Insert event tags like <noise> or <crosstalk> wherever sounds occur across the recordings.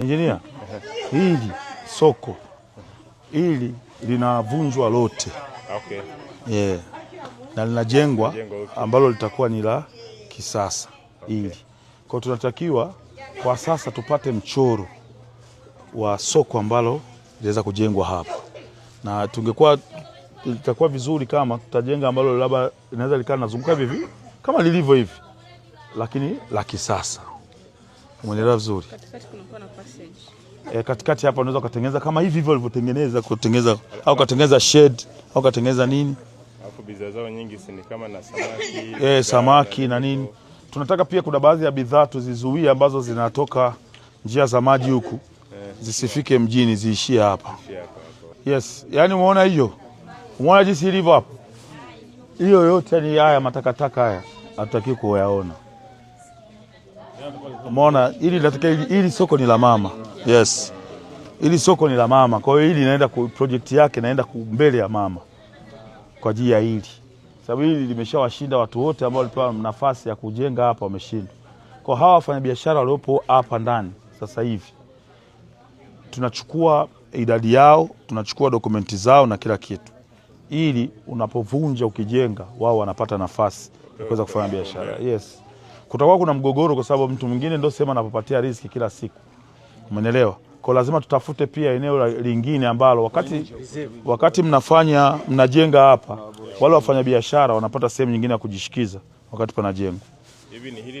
Injinia, hili soko hili linavunjwa lote, okay. Yeah. Na linajengwa ambalo litakuwa ni la kisasa hili, okay. Kwa tunatakiwa kwa sasa tupate mchoro wa soko ambalo linaweza kujengwa hapa, na tungekuwa litakuwa vizuri kama tutajenga ambalo labda linaweza likaa linazunguka hivi kama lilivyo hivi, lakini la kisasa. Umeelewa vizuri? Katikati kuna passage. E, katikati hapa unaweza ukatengeneza kama hivi hivyo walivyotengeneza kutengeneza au kutengeneza shed au katengeneza nini? Alafu bidhaa zao nyingi ni kama na samaki. <laughs> Eh, samaki na nini? Tunataka pia kuna baadhi ya bidhaa tuzizuie ambazo zinatoka njia za maji huku eh. zisifike mjini ziishie hapa. Yes, yani umeona hiyo? Umeona jinsi ilivyo hapo? Hiyo yote ni haya matakataka haya hatutaki kuyaona. Umeona, hili nataka ili soko ni la mama. Yes. Hili soko ni la mama. Kwa hiyo hili inaenda ku project yake naenda mbele ya mama. Kwa ajili ya hili. Sababu hili limeshawashinda watu wote ambao walipewa nafasi ya kujenga hapa wameshindwa. Kwa hawa wafanyabiashara waliopo hapa ndani sasa hivi tunachukua idadi yao, tunachukua dokumenti zao na kila kitu, ili unapovunja ukijenga, wao wanapata nafasi ya kuweza kufanya biashara. Yes kutakuwa kuna mgogoro, kwa sababu mtu mwingine ndio sema anapopatia riziki kila siku, umeelewa? Kwa lazima tutafute pia eneo lingine ambalo wakati, wakati mnafanya mnajenga hapa, wale wafanyabiashara wanapata sehemu nyingine ya kujishikiza wakati panajengwa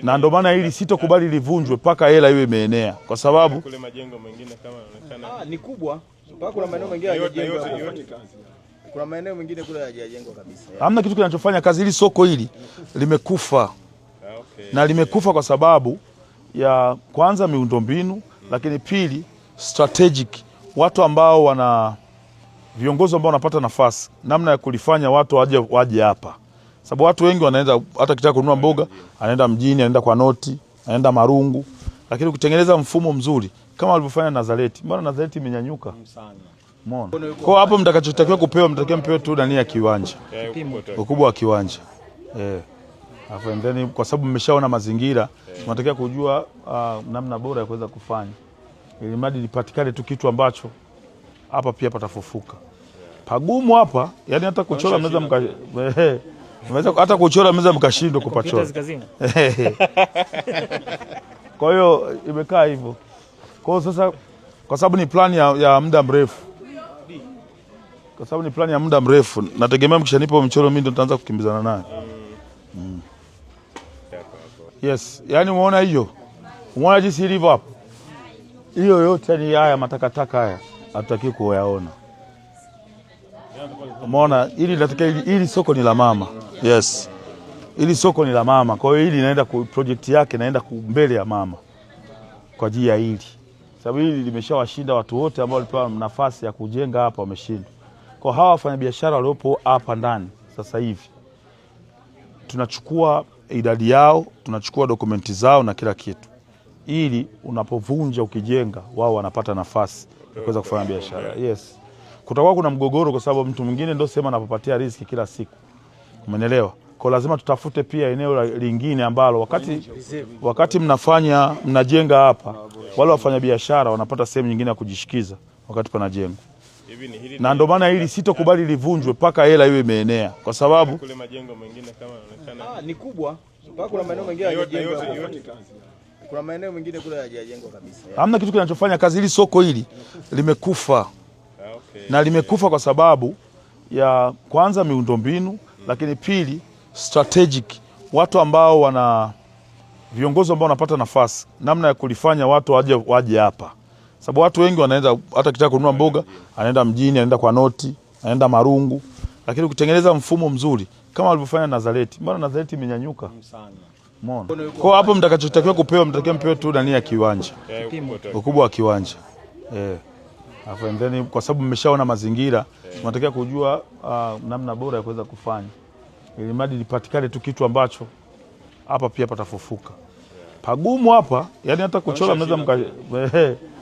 na ndio maana hili sitokubali livunjwe mpaka hela iwe imeenea, kwa sababu kule majengo mengine kama yanaonekana ah, ni kubwa, mpaka kuna maeneo mengine yanajengwa. kuna maeneo mengine kule hayajajengwa kabisa. Hamna kitu kinachofanya kazi, hili soko hili limekufa na limekufa kwa sababu ya kwanza miundombinu, lakini pili strategic, watu ambao wana viongozi ambao wanapata nafasi, namna ya kulifanya watu waje waje hapa, sababu watu wengi wanaenda, hata kitaka kununua mboga anaenda mjini, anaenda kwa Noti, anaenda Marungu, lakini ukitengeneza mfumo mzuri kama walivyofanya Nazareti, mbona Nazareti imenyanyuka Mona. Kwa hapo mtakachotakiwa kupewa mtakiwa mpewe tu ndani ya kiwanja, ukubwa wa kiwanja eh and kwa sababu mmeshaona mazingira tunatakiwa kujua uh, namna bora ya kuweza kufanya ili mradi lipatikane tu kitu ambacho hapa pia patafufuka. Pagumu hapa, yani hata kuchora mnaweza mka <laughs> hata kuchora mnaweza mkashindwa kupachora. <laughs> Kwa hiyo imekaa hivyo. Kwa hiyo sasa, kwa sababu ni plani ya, ya muda mrefu, kwa sababu ni plani ya muda mrefu, nategemea mkishanipa mchoro mimi ndo nitaanza kukimbizana naye. Yes, yani umeona hiyo, umeona jinsi ilivyo hapo. Hiyo yote ni haya matakataka haya, hatutaki kuyaona. Umeona ili nataka ili soko ni la mama. Yes, ili soko ni la mama, kwa hiyo hili inaenda project yake inaenda mbele ya mama kwa ajili ya hili, sababu hili limeshawashinda watu wote ambao walipewa nafasi ya kujenga hapa, wameshindwa. Kwa hawa wafanyabiashara waliopo hapa ndani sasa hivi tunachukua idadi yao, tunachukua dokumenti zao na kila kitu, ili unapovunja ukijenga, wao wanapata nafasi ya kuweza kufanya biashara. Yes, kutakuwa kuna mgogoro, kwa sababu mtu mwingine ndio sema anapopatia riziki kila siku, umeelewa? Kwa lazima tutafute pia eneo lingine ambalo wakati, wakati mnafanya mnajenga hapa, wale wafanyabiashara wanapata sehemu nyingine ya kujishikiza wakati panajengwa na ndio maana hili sitokubali livunjwe mpaka hela hiyo imeenea, kwa sababu kule majengo mengine kama yanaonekana ah, ni kubwa. Kuna maeneo mengine hayajengwa, kuna maeneo mengine kule kabisa. Hamna kitu kinachofanya kazi. Hili soko hili limekufa ah, na limekufa kwa sababu ya kwanza miundombinu, hmm. lakini pili strategic, watu ambao wana viongozi ambao wanapata nafasi, namna ya kulifanya watu waje waje hapa sababu watu wengi wanaenda hata kitaka kununua mboga anaenda mjini, anaenda kwa Noti, anaenda Marungu, lakini ukitengeneza mfumo mzuri kama walivyofanya Nazareti, mbona Nazareti imenyanyuka Mona. Kwa hapo mtakachotakiwa kupewa mtakiwa mpewe tu ndani ya kiwanja, ukubwa wa kiwanja eh. Afu then kwa sababu mmeshaona mazingira, mnatakiwa kujua uh, namna bora ya kuweza kufanya ili mradi lipatikane tu kitu ambacho hapa pia patafufuka. Pagumu hapa, yani hata kuchora mnaweza mka <laughs> eh.